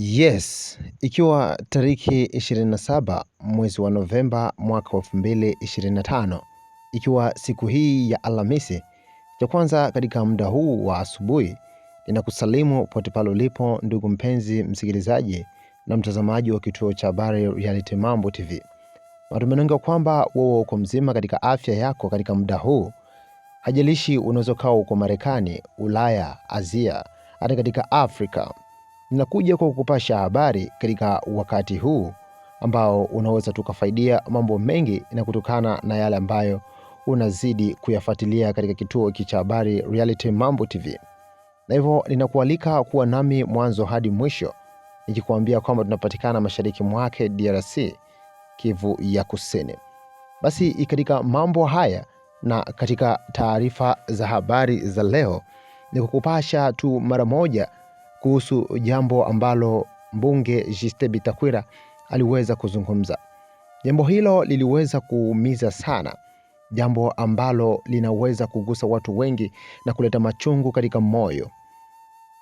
Yes, ikiwa tariki 27 mwezi wa Novemba mwaka 2025, ikiwa siku hii ya Alhamisi, cha kwanza katika muda huu wa asubuhi ninakusalimu pote pale ulipo ndugu mpenzi msikilizaji na mtazamaji wa kituo cha habari Reality Mambo TV. Matumaini yangu kwamba wewe uko mzima katika afya yako katika muda huu. Hajalishi unaweza kuwa uko Marekani, Ulaya, Asia, hata katika Afrika ninakuja kwa kukupasha habari katika wakati huu ambao unaweza tukafaidia mambo mengi na kutokana na yale ambayo unazidi kuyafuatilia katika kituo hiki cha habari Reality Mambo TV, na hivyo ninakualika kuwa nami mwanzo hadi mwisho nikikuambia kwamba tunapatikana mashariki mwake DRC, Kivu ya Kusini. Basi katika mambo haya na katika taarifa za habari za leo, ni kukupasha tu mara moja kuhusu jambo ambalo mbunge Justin Bitakwira aliweza kuzungumza. Jambo hilo liliweza kuumiza sana, jambo ambalo linaweza kugusa watu wengi na kuleta machungu katika moyo.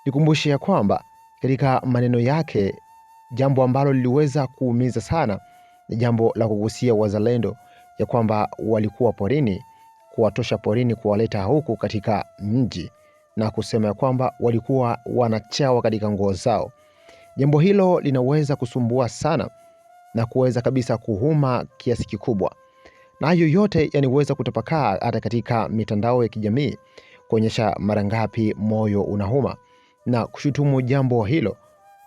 Nikumbushe ya kwamba katika maneno yake, jambo ambalo liliweza kuumiza sana ni jambo la kugusia wazalendo, ya kwamba walikuwa porini, kuwatosha porini, kuwaleta huku katika mji na kusema ya kwamba walikuwa wanachawa katika nguo zao. Jambo hilo linaweza kusumbua sana na kuweza kabisa kuhuma kiasi kikubwa, na hayo yote yaniweza kutapakaa hata katika mitandao ya kijamii kuonyesha mara ngapi moyo unahuma na kushutumu jambo hilo,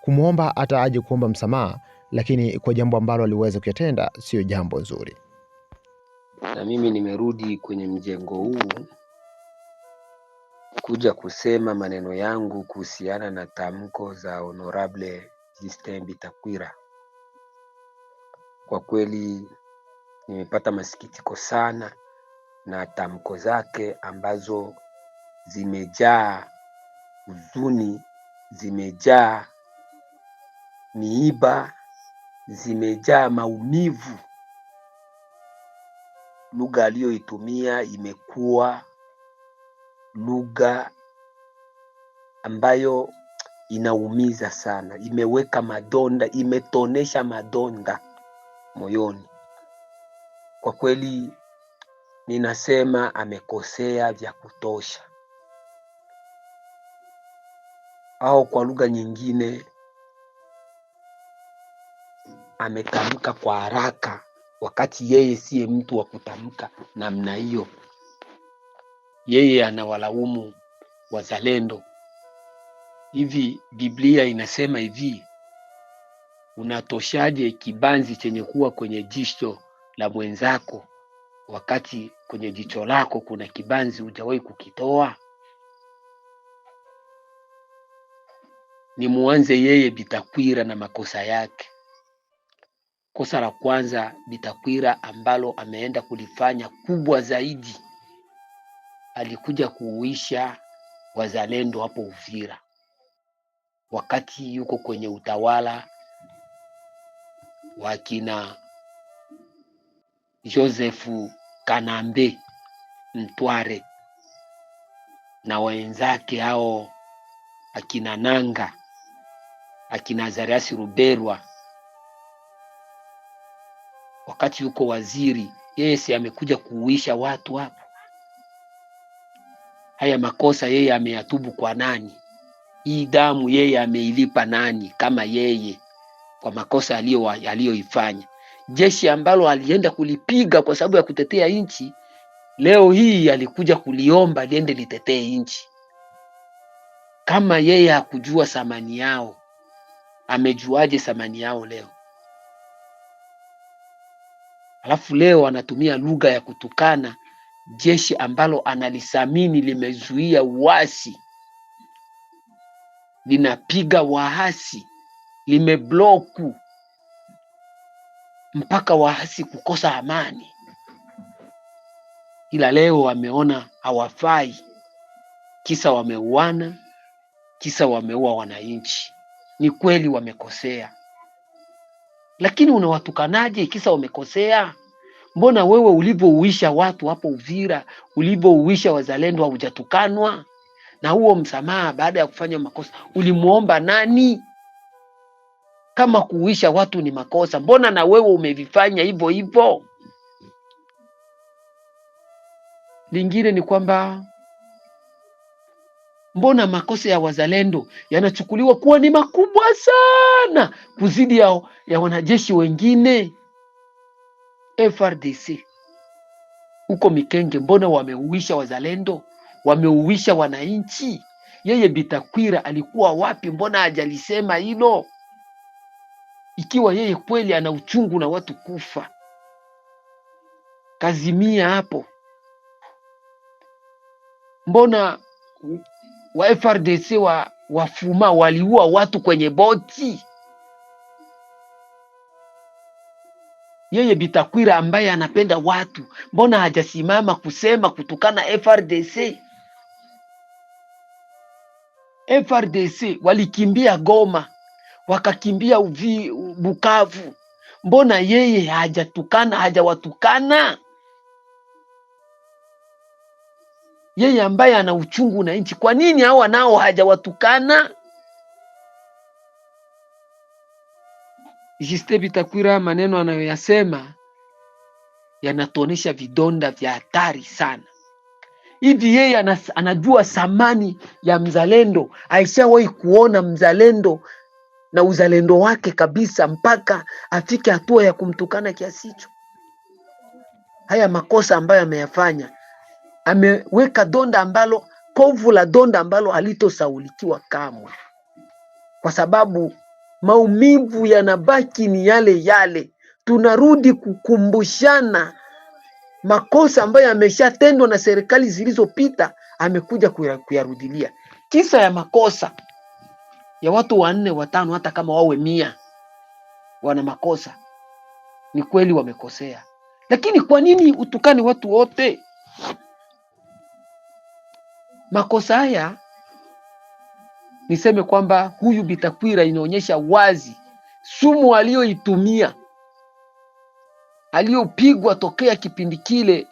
kumwomba hata aje kuomba msamaha, lakini kwa jambo ambalo aliweza kuyatenda, sio jambo nzuri. Na mimi nimerudi kwenye mjengo huu kuja kusema maneno yangu kuhusiana na tamko za Honorable Justin Bitakwira. Kwa kweli nimepata masikitiko sana na tamko zake ambazo zimejaa huzuni, zimejaa miiba, zimejaa maumivu. Lugha aliyoitumia imekuwa lugha ambayo inaumiza sana, imeweka madonda, imetonesha madonda moyoni. Kwa kweli ninasema amekosea vya kutosha, au kwa lugha nyingine ametamka kwa haraka, wakati yeye siye mtu wa kutamka namna hiyo yeye anawalaumu wazalendo. Hivi Biblia inasema hivi, unatoshaje kibanzi chenye kuwa kwenye jicho la mwenzako wakati kwenye jicho lako kuna kibanzi hujawahi kukitoa? Ni muanze yeye Bitakwira na makosa yake. Kosa la kwanza Bitakwira ambalo ameenda kulifanya kubwa zaidi alikuja kuuisha wazalendo hapo Uvira wakati yuko kwenye utawala wa kina Josefu Kanambe Mtware na wenzake hao akina Nanga akina Zariasi Ruberwa. Wakati yuko waziri, yeye si amekuja kuuisha watu hapo haya makosa yeye ameyatubu kwa nani? Hii damu yeye ameilipa nani kama yeye kwa makosa aliyoifanya? Jeshi ambalo alienda kulipiga kwa sababu ya kutetea nchi, leo hii alikuja kuliomba liende litetee nchi. Kama yeye hakujua thamani yao, amejuaje thamani yao leo? Alafu leo anatumia lugha ya kutukana jeshi ambalo analisamini limezuia uasi, linapiga waasi, limebloku mpaka waasi kukosa amani, ila leo wameona hawafai, kisa wameuana, kisa wameua wananchi. Ni kweli wamekosea, lakini unawatukanaje kisa wamekosea? Mbona wewe ulivyouisha watu hapo Uvira, ulivyouisha wazalendo, haujatukanwa? Na huo msamaha baada ya kufanya makosa ulimwomba nani? Kama kuuisha watu ni makosa, mbona na wewe umevifanya hivyo hivyo? Lingine ni kwamba mbona makosa ya wazalendo yanachukuliwa kuwa ni makubwa sana kuzidi ya, ya wanajeshi wengine? FRDC huko Mikenge, mbona wameuisha wazalendo, wameuisha wananchi? Yeye Bitakwira alikuwa wapi? Mbona hajalisema hilo? Ikiwa yeye kweli ana uchungu na watu kufa, kazimia hapo. Mbona wa FRDC wa wafuma waliua watu kwenye boti yeye Bitakwira ambaye anapenda watu, mbona hajasimama kusema kutukana FRDC? FRDC walikimbia Goma, wakakimbia Uvi, Bukavu, mbona yeye hajatukana hajawatukana? Yeye ambaye ana uchungu na nchi, kwa nini hao nao hajawatukana? Justin Bitakwira, maneno anayoyasema yanatuonyesha vidonda vya hatari sana. Hivi yeye anajua thamani ya mzalendo? Aishawahi kuona mzalendo na uzalendo wake kabisa mpaka afike hatua ya kumtukana kiasi hicho? Haya makosa ambayo ameyafanya, ameweka donda ambalo, kovu la donda ambalo alitosaulikiwa kamwe, kwa sababu maumivu yanabaki ni yale yale. Tunarudi kukumbushana makosa ambayo yameshatendwa na serikali zilizopita, amekuja kuyarudilia. Kisa ya makosa ya watu wanne watano, hata kama wawe mia wana makosa, ni kweli wamekosea, lakini kwa nini utukane watu wote? Makosa haya niseme kwamba huyu Bitakwira inaonyesha wazi sumu aliyoitumia aliyopigwa tokea kipindi kile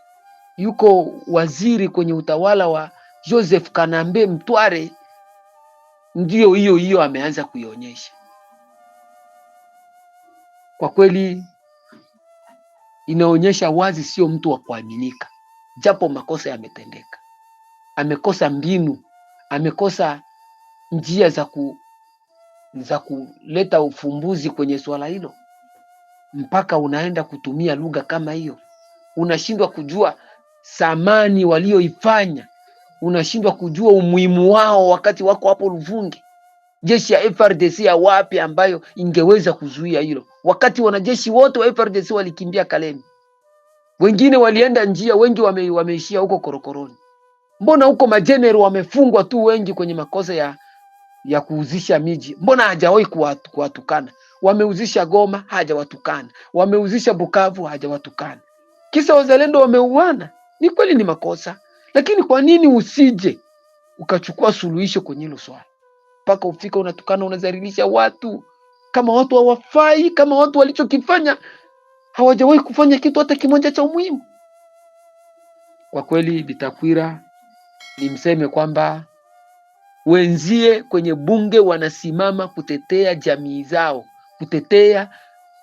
yuko waziri kwenye utawala wa Joseph Kanambe Mtware, ndiyo hiyo hiyo ameanza kuionyesha. Kwa kweli inaonyesha wazi sio mtu wa kuaminika, japo makosa yametendeka. Amekosa mbinu, amekosa njia za, ku, za kuleta ufumbuzi kwenye swala hilo, mpaka unaenda kutumia lugha kama hiyo. Unashindwa kujua thamani walioifanya, unashindwa kujua umuhimu wao wakati wako hapo Luvungi. Jeshi ya FRDC ya wapi ambayo ingeweza kuzuia hilo, wakati wanajeshi wote wa FRDC walikimbia Kalemi, wengine walienda njia, wengi wame, wameishia huko korokoroni. Mbona huko majenerali wamefungwa tu wengi kwenye makosa ya ya kuuzisha miji, mbona hajawahi kuwatukana? Wameuzisha Goma hajawatukana, wameuzisha Bukavu hajawatukana. Kisa wazalendo wameuana, ni kweli ni makosa, lakini kwa nini usije ukachukua suluhisho kwenye hilo swala, mpaka ufika unatukana, unazaririsha watu kama watu hawafai, kama watu walichokifanya hawajawahi kufanya kitu hata kimoja cha umuhimu. Kwa kweli, Bitakwira, nimseme kwamba wenzie kwenye bunge wanasimama kutetea jamii zao, kutetea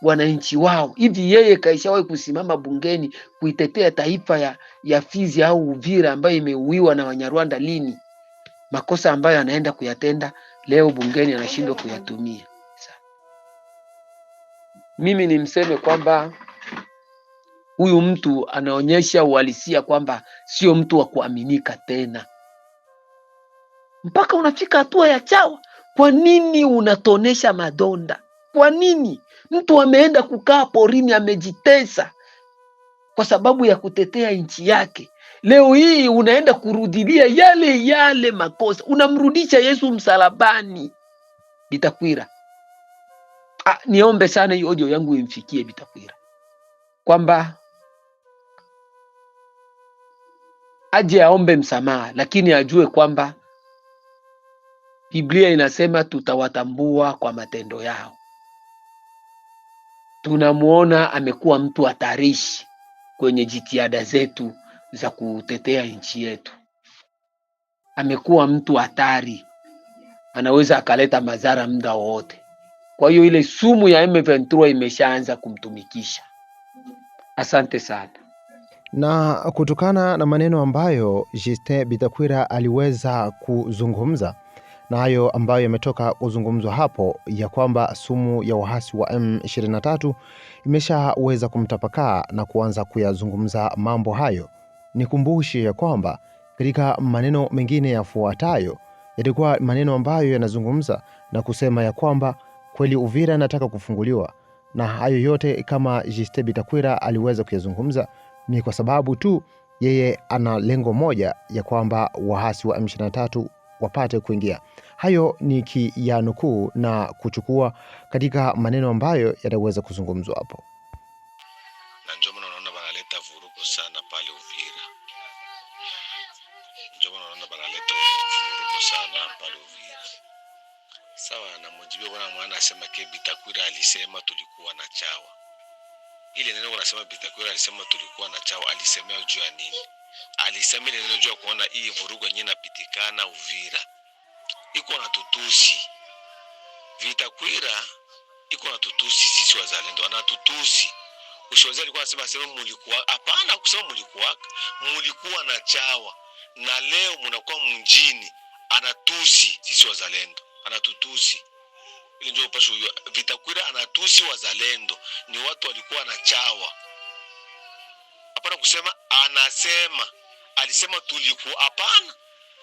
wananchi wao. Hivi yeye kaishawahi kusimama bungeni kuitetea taifa ya, ya Fizi au Uvira ambayo imeuiwa na Wanyarwanda lini? Makosa ambayo anaenda kuyatenda leo bungeni anashindwa kuyatumia. Mimi ni mseme kwamba huyu mtu anaonyesha uhalisia kwamba sio mtu wa kuaminika tena mpaka unafika hatua ya chawa. Kwa nini unatonesha madonda? Kwa nini mtu ameenda kukaa porini amejitesa kwa sababu ya kutetea nchi yake? Leo hii unaenda kurudilia yale yale makosa, unamrudisha Yesu msalabani. Bitakwira, ah, niombe sana hiyo ojo yangu imfikie Bitakwira kwamba aje aombe msamaha, lakini ajue kwamba Biblia inasema tutawatambua kwa matendo yao. Tunamwona amekuwa mtu hatarishi kwenye jitihada zetu za kutetea nchi yetu. Amekuwa mtu hatari, anaweza akaleta madhara muda wowote. Kwa hiyo ile sumu ya M23 imeshaanza kumtumikisha. Asante sana. Na kutokana na maneno ambayo Justin Bitakwira aliweza kuzungumza na hayo ambayo yametoka kuzungumzwa hapo ya kwamba sumu ya waasi wa M23 imeshaweza kumtapakaa na kuanza kuyazungumza mambo hayo. Nikumbushe ya kwamba katika maneno mengine yafuatayo yalikuwa maneno ambayo yanazungumza na kusema ya kwamba kweli Uvira inataka kufunguliwa, na hayo yote kama Jitebi Bitakwira aliweza kuyazungumza ni kwa sababu tu yeye ana lengo moja ya kwamba waasi wa M23 wapate kuingia. Hayo ni kiyanukuu na kuchukua katika maneno ambayo yataweza kuzungumzwa hapo. Na ndio maana unaona banaleta vurugu sana pale Uvira, maana unaona banaleta vurugu sana pale Uvira. Sawa na bwana mwana asema ke Bitakwira alisema tulikuwa na chawa ile neno, unasema Bitakwira alisema tulikuwa na chawa, alisemea juu ya nini? alisema alisemele linajua kuona hii vurugu yenyewe inapitikana Uvira iko na tutusi, vita kwira iko na tutusi, sisi wazalendo ana tutusi ushozi. Alikuwa anasema sema mulikuwa hapana kusema mulikuwa mulikuwa na chawa na leo mnakuwa mjini, anatusi sisi wazalendo, anatutusi ili ndio pasho upasho huyo. Vitakwira anatusi wazalendo, ni watu walikuwa na chawa, hapana kusema anasema alisema tulikuwa hapana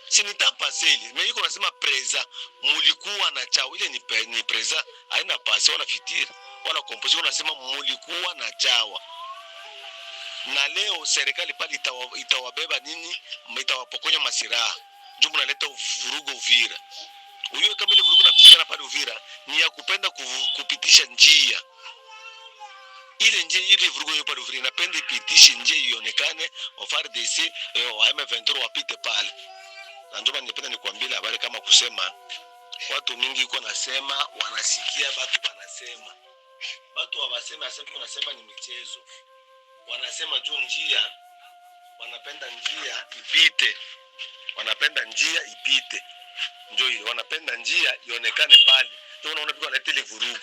si nitapaseli me iko nasema preza mulikuwa na chao ile ni, ni preza haina pase wala fitiri wala kompozi unasema mulikuwa na chao na leo serikali pale itawabeba nini itawapokonya masiraha juu mnaleta vurugo Uvira. Ujue kama ile vurugo napishana pale Uvira ni ya kupenda kuvu, kupitisha njia ile njia ili vurugo yo pale Uvira, napenda ipitishe njia ionekane of RDC eh, wa M23 wapite pale, na ndio maana nipenda nikwambie habari kama kusema watu mingi iko nasema wanasikia watu wanasema watu wanasema asema wanasema ni michezo, wanasema juu njia wanapenda njia ipite, wanapenda njia ipite, njoo ile wanapenda njia ionekane pale, ndio unaona pika wanaleta ile vurugo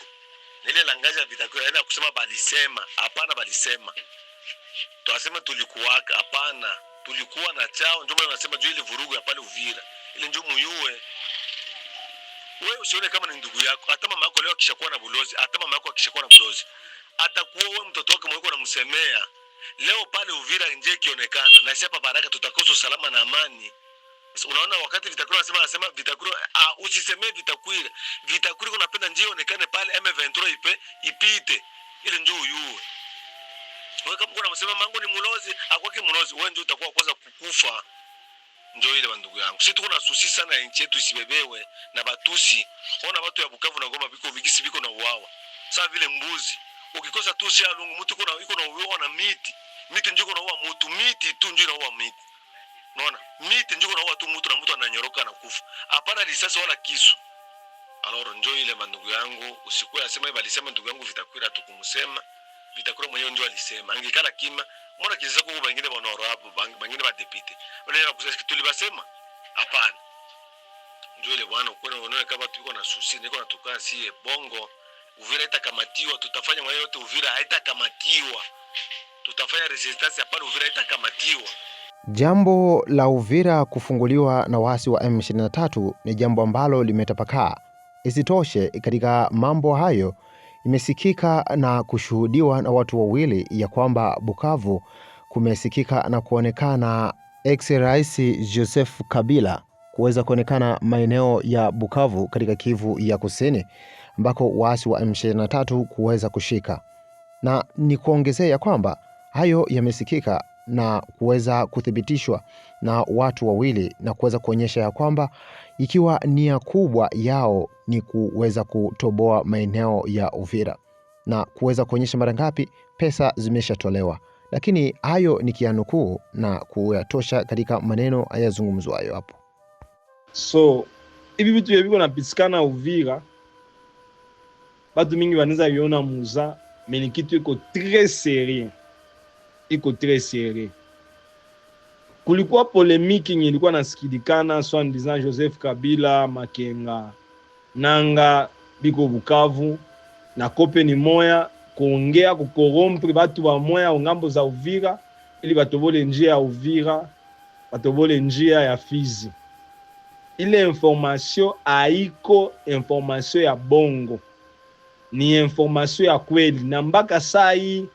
ile langaja vitakuwa yaani kusema balisema, hapana balisema. Tunasema tulikuwaka, hapana. Tulikuwa na chao ndio maana nasema juu ile vurugu ya pale Uvira. Ile ndio muyue. Wewe usione kama ni ndugu yako. Hata mama yako leo akishakuwa na bulozi, hata mama yako akishakuwa na bulozi. Atakuwa wewe mtoto wake mweko unamsemea. Leo pale Uvira nje kionekana na siapa baraka tutakosa salama na amani. Unaona, wakati vitakuru anasema anasema vitakuru, uh, ah, usisemee Vitakuwa vitakuru, kuna penda njia onekane pale M23 ipe ipite ile njoo yue wewe, kama kuna msema mangu ni mulozi akwake mulozi, wewe ndio utakuwa kwanza kukufa. Ndio ile bandugu yangu, sisi tuko na susi sana ya nchi yetu isibebewe na Batusi. Ona watu ya Bukavu na Goma biko vigisi biko na uwawa sasa, vile mbuzi, ukikosa tusi ya lungu mtu iko na iko na uwawa na miti miti, njoo na uwa mtu miti tu njoo na uwa miti Unaona? Miti njiko na watu mtu na mtu ananyoroka na kufa. Hapana risasi wala kisu. Alors njoo ile mandugu yangu, usikue asema iba alisema ndugu yangu Vitakwira tukumsema. Vitakwira mwenyewe ndio alisema. Angekala kima, mbona kizisa kwa wengine wanoro hapo, wengine badepite. Wale wakusema kitu tulibasema? Hapana. Njoo ile bwana uko unaona kama tuko na susi, niko natukaa si bongo. Uvira haitakamatiwa, tutafanya mwayo yote Uvira haitakamatiwa. Tutafanya resistance hapana Uvira haitakamatiwa. Jambo la Uvira kufunguliwa na waasi wa M23 ni jambo ambalo limetapakaa. Isitoshe, katika mambo hayo imesikika na kushuhudiwa na watu wawili ya kwamba Bukavu kumesikika na kuonekana ex rais Joseph Kabila kuweza kuonekana maeneo ya Bukavu katika Kivu ya Kusini ambako waasi wa M23 kuweza kushika, na ni kuongezea ya kwamba hayo yamesikika na kuweza kuthibitishwa na watu wawili na kuweza kuonyesha ya kwamba ikiwa nia kubwa yao ni kuweza kutoboa maeneo ya Uvira na kuweza kuonyesha mara ngapi pesa zimeshatolewa, lakini hayo ni kianukuu na kuyatosha katika maneno hayazungumzwayo hapo. So hivi vitu vyaviko napitikana Uvira, batu mingi wanaweza viona muza menikitu iko tres serie iko tres sere. Kulikuwa polemiki yenye ilikuwa nasikilikana swandiza Joseph Kabila Makenga nanga biko Bukavu na kope ni moya kuongea kukorompre batu ba moya ongambo za Uvira ili batobole njia ya Uvira batobole njia ya Fizi. Ile information haiko information ya bongo, ni information ya kweli na mpaka saa hii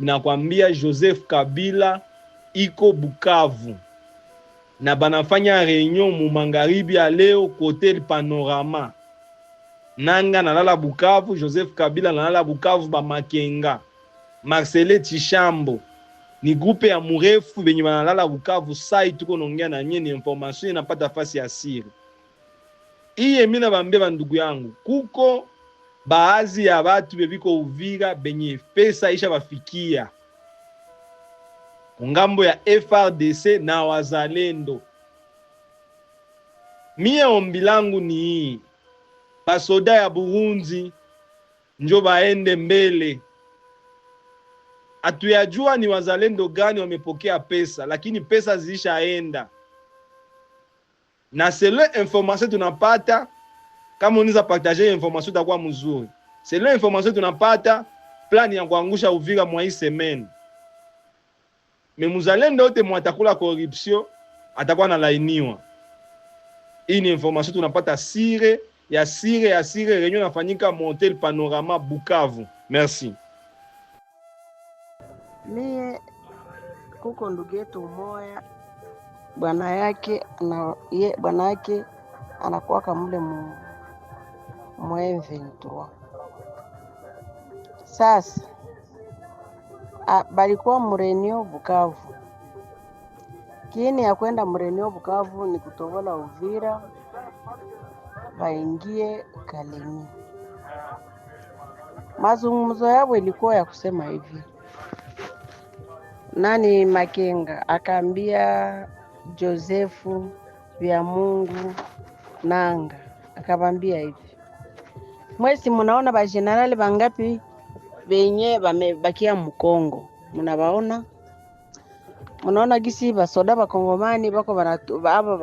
Nakwambia Joseph Kabila iko Bukavu na banafanya reunion mu mangaribi ya leo kote Panorama. Nanga nalala Bukavu, Joseph Kabila nalala Bukavu, bamakenga Marcele Tishambo ni grupe ya murefu benye banalala Bukavu. Sai tuko naongea na nyeni information inapata fasi ya siri iye. Mina bambia bandugu yangu, kuko baadhi ya batu beviko Uvira benye pesa isha bafikia ngambo ya FRDC na wazalendo. Mie ombi langu ni hii, basoda ya Burundi njo baende mbele. Hatuyajua ni wazalendo gani wamepokea pesa, lakini pesa zishaenda na selon information tunapata kama unaweza partager hiyo information itakuwa mzuri. Selo information tunapata plani ya kuangusha Uvira mwa hii semeni. Memuzalendo wote mwatakula corruption atakuwa nalainiwa. Hii ni information tunapata sire ya sire ya sire, renyo nafanyika Motel Panorama Bukavu. Merci. Mie kuko ndugu yetu umoya bwana yake ana ye, bwana yake anakuwaka mule mu moins 23. Sasa a, balikuwa murenio Bukavu. kini ya kwenda murenio Bukavu ni kutobola Uvira, baingie Kalemi. Mazungumzo yabo ilikuwa ya kusema hivi, nani Makenga akaambia Josefu vya Mungu nanga akavambia hivi mwesi munaona bajenerali bangapi benye bamebakia mukongo munabaona munaona gisi basoda bakongomani bako aba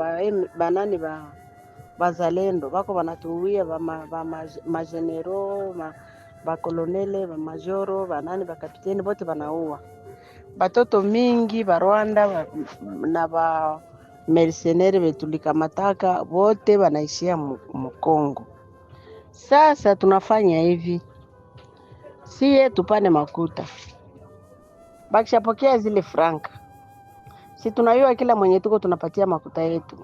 banani ba bazalendo bako banatuwia bamajenero ma, bakolonele bamajoro banani bakapiteni bote banaua batoto mingi barwanda ba, na ba mercenaire betulikamata bote banaishia mukongo sasa tunafanya hivi, siye tupande makuta, bakishapokea zile franka, si tunayua kila mwenye tuko tunapatia makuta yetu,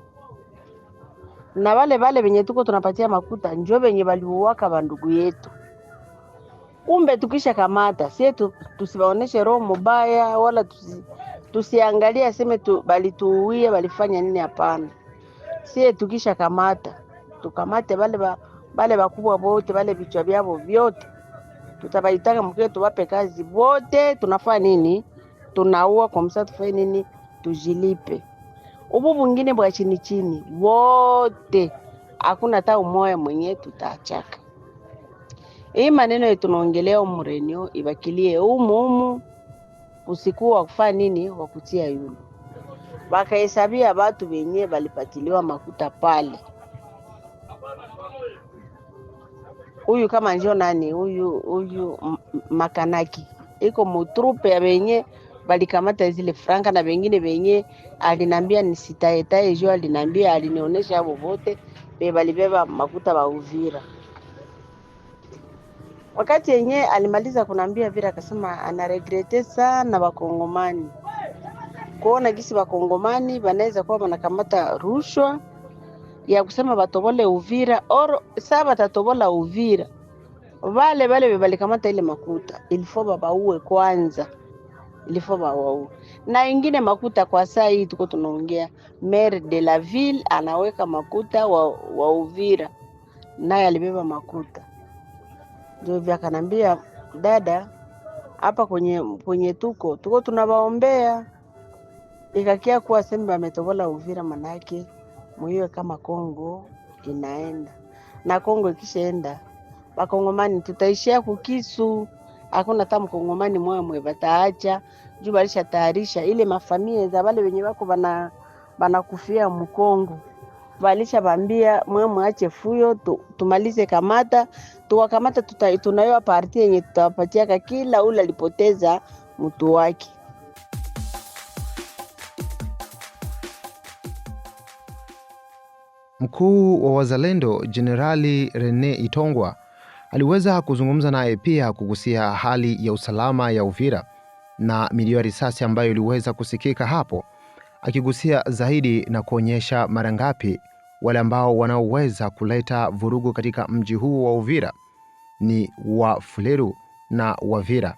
na wale wale wenye tuko tunapatia makuta njo wenye waliuwaka bandugu yetu. Kumbe tukisha kamata sie tusiwaoneshe roho mubaya, wala tusi, tusiangalia aseme tu, balituuia balifanya nini? Hapana, sie tukisha kamata tukamate wale wale bale bakubwa bote, bale vichwa vyavo vyote, tutabaitaka mkie, tuwape kazi bote. Tunafanya nini? Tunaua kwa msa, tufanye nini? Tujilipe ubu bungine bwa chini chini wote, hakuna hata umoya mwenye tutachaka. Hii maneno yetu tunaongelea umurenio ibakilie umuumu, usiku wa kufanya nini? Wakutia yulu, bakahesabia batu benye walipatiliwa makuta pale huyu kama njo nani huyu huyu makanaki iko mutrupe abenye balikamata zile franka na vengine venye alinambia nisitaetae, jo alinambia alinionyesha abo bote be balibeba makuta ba Wakati yenye alimaliza kunambia vira akasema anaregrete sana bakongomani kuona gisi bakongomani banaweza kuwa wanakamata rushwa ya kusema batobole Uvira or saa batatobola Uvira, vale vale bebalikamata ile makuta ilifo babauwe kwanza, ilifo babauwe na ingine makuta. Kwa saa hii tuko tunaongea, maire de la ville anaweka makuta wa, wa Uvira naye alibeba makuta, ndio vyakanambia dada hapa kwenye kwenye tuko tuko tunawaombea, ikakia kuwa sembe ametobola Uvira manake muiwe kama Kongo inaenda na Kongo ikishaenda, bakongomani tutaishia kukisu. Hakuna hata mkongomani mwamwe bataacha juu balisha tayarisha ile mafamia za wale wenye wako bana banakufia mkongo balisha bambia mwamwe ache fuyo tu, tumalize kamata tuwakamata, tunayowa parti yenye tutawapatiaka kila ule alipoteza mtu wake. Mkuu wa Wazalendo Jenerali Rene Itongwa aliweza kuzungumza naye pia kugusia hali ya usalama ya Uvira na milio ya risasi ambayo iliweza kusikika hapo, akigusia zaidi na kuonyesha mara ngapi wale ambao wanaoweza kuleta vurugu katika mji huu wa Uvira ni wa Fuleru na Wavira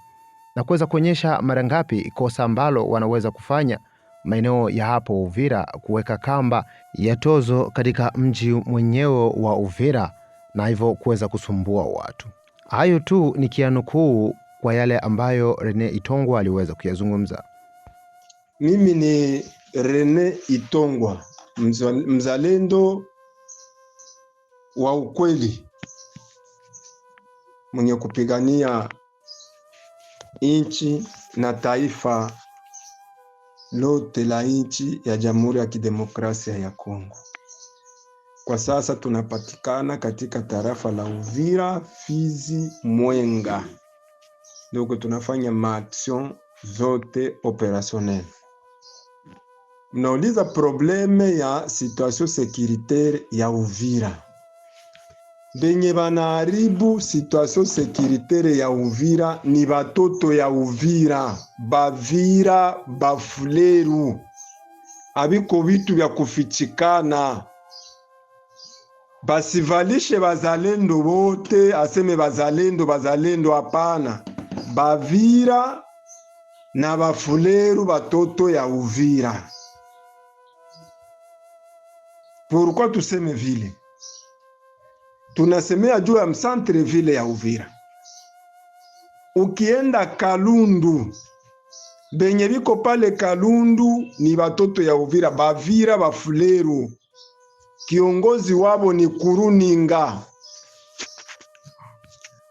na kuweza kuonyesha mara ngapi kosa ambalo wanaweza kufanya maeneo ya hapo Uvira kuweka kamba ya tozo katika mji mwenyewe wa Uvira na hivyo kuweza kusumbua watu. Hayo tu ni kianukuu kwa yale ambayo Rene Itongwa aliweza kuyazungumza. Mimi ni Rene Itongwa, mzalendo wa ukweli mwenye kupigania nchi na taifa lote la nchi ya Jamhuri ya Kidemokrasia ya Kongo. Kwa sasa tunapatikana katika tarafa la Uvira, Fizi, Mwenga, ndoko tunafanya maaction zote operationnel. Mnauliza probleme ya situation securitaire ya Uvira benye banaharibu situation sekiritere ya Uvira ni batoto ya Uvira, Bavira, Bafuleru. Abiko vitu bya kufichikana, basivalishe bazalendo bote, aseme bazalendo bazalendo, hapana. Bavira na Bafuleru batoto ya Uvira. Pourquoi tuseme vile? tunasemea juu ya msantre vile ya Uvira. Ukienda Kalundu, benye biko pale Kalundu ni batoto ya Uvira, Bavira, Bafuleru. Kiongozi wabo ni Kuruninga.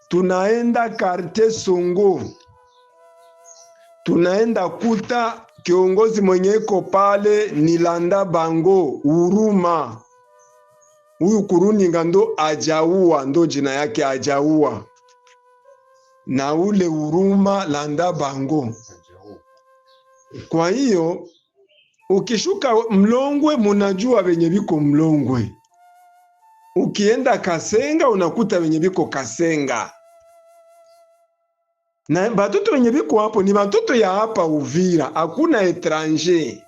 Tunaenda karte Songo, tunaenda kuta kiongozi mwenyeko pale ni Landa Bango Uruma Huyu kuruninga ndo ajaua, ndo jina yake ajaua, na ule uruma landa bango. Kwa hiyo ukishuka Mlongwe munajua venye viko Mlongwe, ukienda Kasenga unakuta venye viko Kasenga, na batoto venye viko hapo ni batoto ya hapa Uvira, hakuna etranger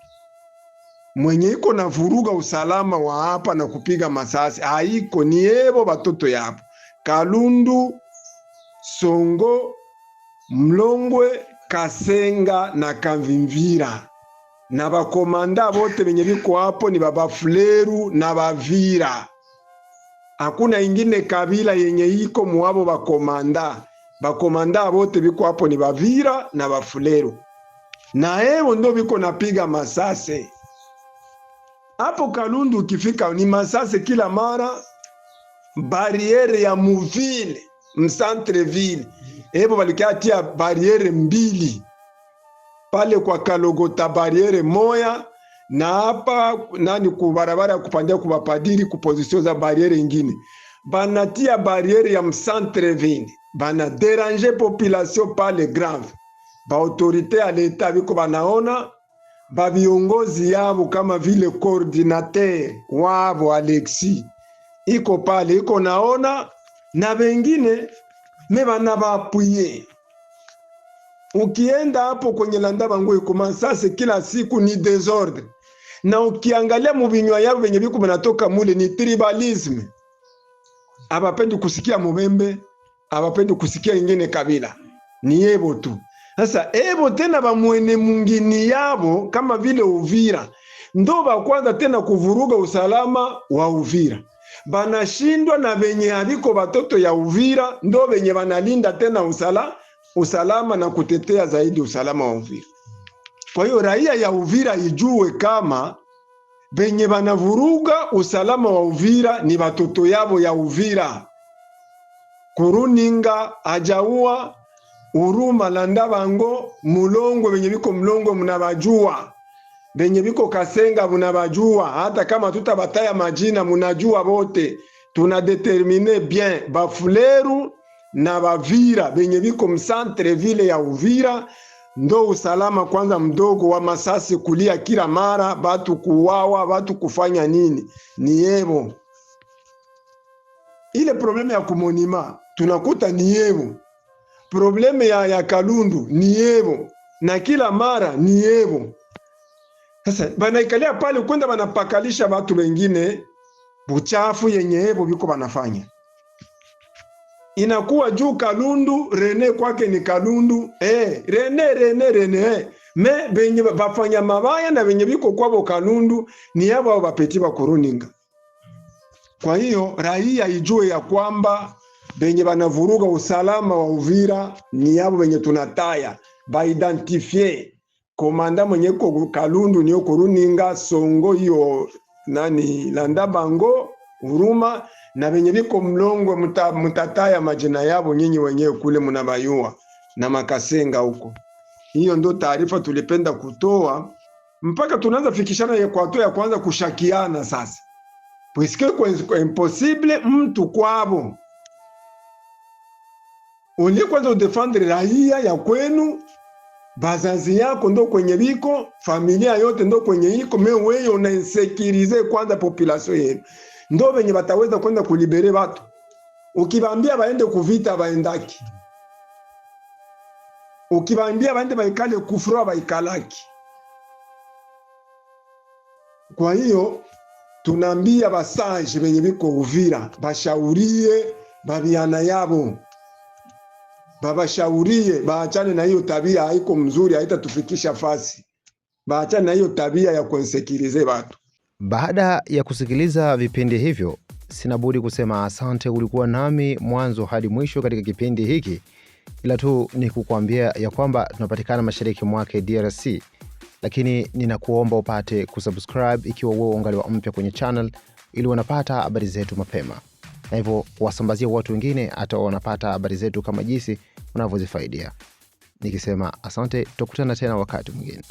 mwenye iko na vuruga usalama wa hapa na kupiga masasi haiko ni yebo batoto yapo Kalundu, Songo, Mlongwe, Kasenga na Kamvimvira na bakomanda bote benye biko hapo ni babafuleru na bavira. Hakuna ingine kabila yenye iko muabo bakomanda. Bakomanda bote biko hapo ni bavira na bafuleru, na ebo ndo biko napiga masase hapo Kalundu ukifika ni masase kila mara bariere ya muvile msantreville epo balikatia bariere mbili pale kwa Kalogota, bariere moya na hapa nani kubarabara ya kupandia kubapadiri kupozisio za bariere ingine, banatia bariere ya msantreville, bana deranger population pale grave, ba autorite ya leta biko banaona ba viongozi yavo kama vile koordinateur wavo Alexi iko pale, iko naona na vengine me bana bapuye. Ukienda hapo kwenye landa bangu ikuma kila siku ni desordre, na ukiangalia muvinywa yavo venye viku banatoka mule ni tribalisme. Abapendi kusikia mubembe, abapendi kusikia ingine kabila, ni yebo tu sasa evo tena bamwene mungini yabo kama vile Uvira ndo bakwanza tena kuvuruga usalama wa Uvira, banashindwa na venye aliko batoto ya Uvira ndo venye banalinda tena usala, usalama na kutetea zaidi usalama wa Uvira. Kwa hiyo raia ya Uvira ijue kama venye banavuruga usalama wa Uvira ni batoto yabo ya Uvira, Kuruninga, Ajaua uruma landa bango mulongo venye biko mlongo munabajua, venye biko kasenga munabajua, hata kama tutabataya majina munajua bote. Tunadetermine bien bafuleru na bavira venye biko msantre vile ya Uvira, ndo usalama kwanza mdogo wa masasi kulia kila mara, batu kuwawa, batu kufanya nini, ni yebo ile problemu ya kumonima tunakuta ni yebo probleme ya, ya Kalundu ni yevo na kila mara ni yevo. Sasa banaikalia pale kwenda banapakalisha watu wengine buchafu yenye yevo biko banafanya inakuwa juu Kalundu Rene kwake ni Kalundu eh, Rene Rene Rene eh. Me benye bafanya mabaya na benye biko kwabo Kalundu ni yabo bapeti bakuruninga. Kwa hiyo raia ijue ya kwamba benye banavuruga usalama wa Uvira ni yabo benye tunataya baidentifie komanda mwenye Kalundu niyo Runinga Songo iyo nani Landa Bango Huruma na benye biko mlongo muta, mutataya majina yabo nyinyi wenyewe kule munabayua na makasenga huko. Hiyo ndo taarifa tulipenda kutoa mpaka tunaanza fikishana ya kwa ya kwanza kushakiana sasa. Puisque impossible mtu kwabo Unie kwanza udefendre raia ya kwenu, bazazi yako ndo kwenye biko, familia yote ndo kwenye iko. Me wewe una insekirize kwanza population yenu, ndo benye bataweza kwenda kulibere watu. Ukibambia baende kuvita baendaki, ukibambia baende baikale kufura baikalaki. Kwa hiyo tunambia basage benye biko Uvira bashaurie babiana yabo babashaurie baachane na hiyo tabia, haiko mzuri, haitatufikisha fasi. Baachane na hiyo tabia ya kuensekilize watu. Baada ya kusikiliza vipindi hivyo, sina budi kusema asante. Ulikuwa nami mwanzo hadi mwisho katika kipindi hiki, ila tu ni kukuambia ya kwamba tunapatikana mashariki mwake DRC, lakini ninakuomba upate kusubscribe ikiwa wewe ungaliwa mpya kwenye channel, ili wanapata habari zetu mapema, na hivyo wasambazie watu wengine hata wanapata habari zetu kama jinsi unavyozifaidia. Nikisema asante, tutakutana tena wakati mwingine.